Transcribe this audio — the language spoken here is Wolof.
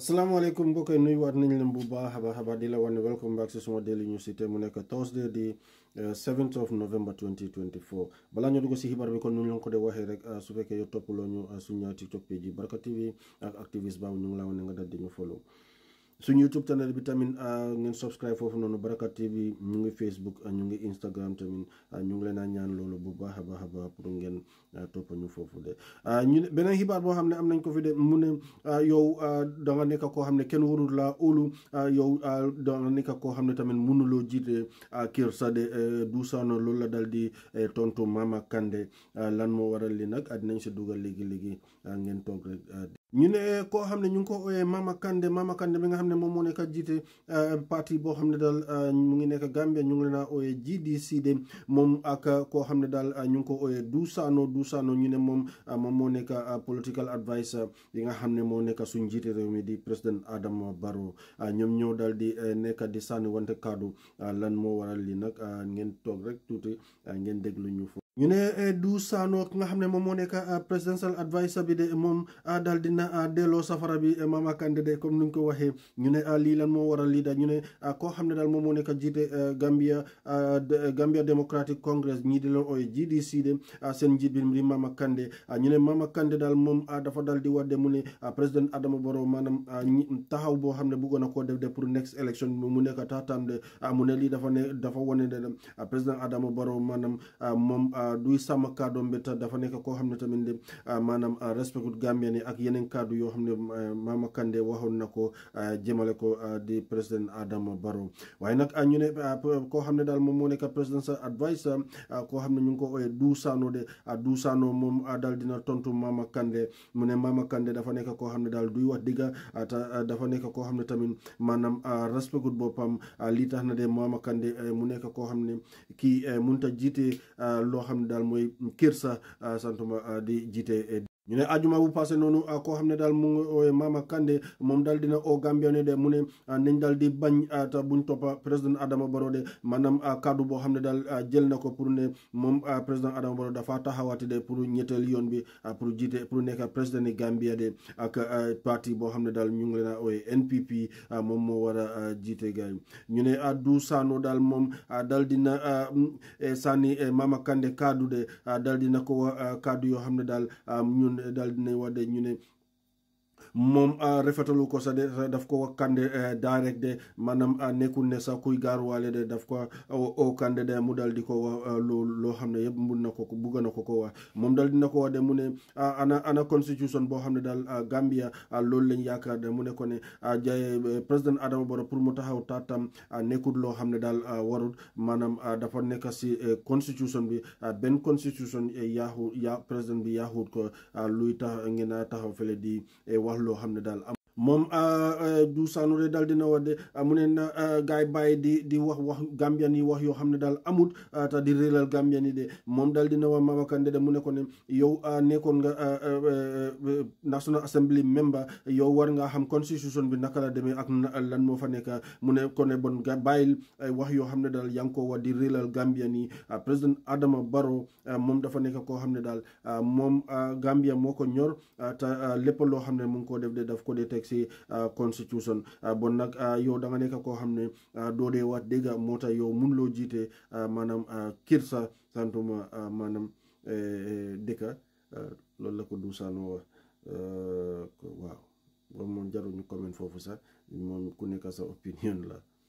asalaamaaleykum mbokk yi nuyuwaat nañ leen bu baax a baax a di la wan ne welcome back si suma daily news te mu nekk Thursday di 7 euh, of November balaa ñu dugg si xibaar bi kon nu ñu leen ko dee waxee rek euh, su fekkee topp toppaloo ñu euh, suñu TikTok page yi Baraka TV ak activiste baabu ñu ngi laa wane nga dal ñu suñu YouTube bi tamit ah, ngeen subscribe foofu noonu Baraka TV ñu ngi Facebook ah, ñu ngi Instagram tamit ah, ñu ngi leen a ñaan loolu bu baax a baax a baax pour ngeen topp ñu foofu de ñu beneen xibaar boo xam ne am nañ ko fi de mu ne yow da nga nekk koo xam ne kenn warul laa óolu yow da nga nekk koo xam ne tamit mënuloo jiite kër sa de eh, duusaano loolu la dal di eh, tontu Mama kande lan moo waral li nag dinañ si dugal léegi léegi ngeen toog ñu ne koo xam ne ñu ngi ko ooyee Mama Kandeh bi nga xam ne moom moo nekk jiite euh, parti boo xam ne daal euh, mu ngi nekk Gambia ñu ngi leen a ooyee GDC de moom ak euh, koo xam ne daal ñu ngi ko ooyee Duusano Duusano ñu ne moom moom moo nekk political adviser yi nga xam ne moo nekk suñ jiite réew mi di président Adama Barrow ñoom ñëw daal di nekk di sànni wante kàddu lan moo waral lii nag ngeen toog rek tuuti ngeen déglu ñu. ñu ne eh, du saanoo ki nga xam ne moom moo nekk eh, presidential adviser bi de eh, moom na dina delloo safara bi Mama Kandeh de comme nuñ ko waxee ñu ne lii lan moo waral lii daal ñu ne koo xam ne daal moom moo nekk jiite Gambia Gambia Democratic Congress ñii di leen ooy GDC seen njiit bi di Mama Kandeh ñu ne Mama Kandeh daal moom dafa daal di wadde mu ne président Adama Barrow maanaam taxaw boo xam ne bëggoon na koo def de pour next election mu nekk taataam de mu ne lii dafa ne dafa wane ne président Adama Barrow maanaam moom. Euh, duy sàmm kàddoom bi te dafa nekk koo xam ne tamit maanaam respecté Gambien yi ak yeneen kàddu yoo ko jëmale ko di président Adama Barrow ko ooyee Dou Sano de Dou Sano moom daal dina tontu Mama Kandeh mu ne tamit maanaam respecté boppam euh, lii tax na de Mama Kandeh euh, mu nekk koo xam ne kii a jiite loo xam ne mo mooy Kirsa euh, Santuma euh, di jiite euh, ñu ne ajuma bu passé noonu ah, koo xam ne daal mu ngi ooyee Mama Kandeh moom daal dina oo Gambia ne de mu ne ah, nañ daal di bañ ah, te buñ toppa président Adama Barrow de maanaam kaddu boo xam ne jël na ko pour ne moom président Adama Barrow dafa taxawaati de pour ñetteel yoon bi pour jiite pour nekk président ni Gambia de ak parti boo xam ne daal ñu ngi leen a ooyee NPP moom moo war a jiite gars ñu ne du saano daal moom daal dina mm, eh, sànni eh, Mama Kandeh kaddu de daal dina ko wa kaddu yoo xam ne daal ñun daal dinañ wax de ñu ne moom ah, rafetalu ko sa de daf ko kande eh, direct de maanaam ah, nekkul ne sa kuy gaaruwaale de daf ko ah, o kande de mu dal di ko wax loolu loo xam ne yëpp mun na ko bugg na ko ko wax moom dal dina ko wax de mu ne ana ana constitution boo xam ne daal Gambia loolu lañ yaakaar de mu ne ko ne jaay eh, président Adama Barrow pour mu taxaw taatam nekkul loo xam ne daal warul maanaam dafa nekk si eh, constitution bi benn constitution yaaxu yaa président bi yaaxut ko luy tax ngeen taxaw fële di wax loo xam ne daal moom ah, ah, du Sanore daal dina wax de ah, mu ne na gars yi bàyyi di di wax wax Gambian yi wax yoo xam ne daal amut te di réelal ni de moom daal na wa Mama Kandeh de mu ne ko ne nekkoon nga National Assembly member yow war ngaa xam constitution bi naka la demee ak lan moo fa nekk mu ne ko ne bon ga bàyyil wax yoo xam ne daal yaa ngi ko wax di réelal Gambian yi président Adama Barrow moom dafa nekk koo xam ne daal moom Gambia moo ko ñor te lépp loo xam ne mu ngi ko def de daf ko dee teg si euh, constitution euh, bon nag euh, yow da nga nekk koo xam ne doo dee wax dégg mun loo jiite maanaam kirsa santuma maanaam eh, eh, dëkka loolu la ko duusaano wax waaw moom moom jaruñu comment foofu sax moom ku sa opinion la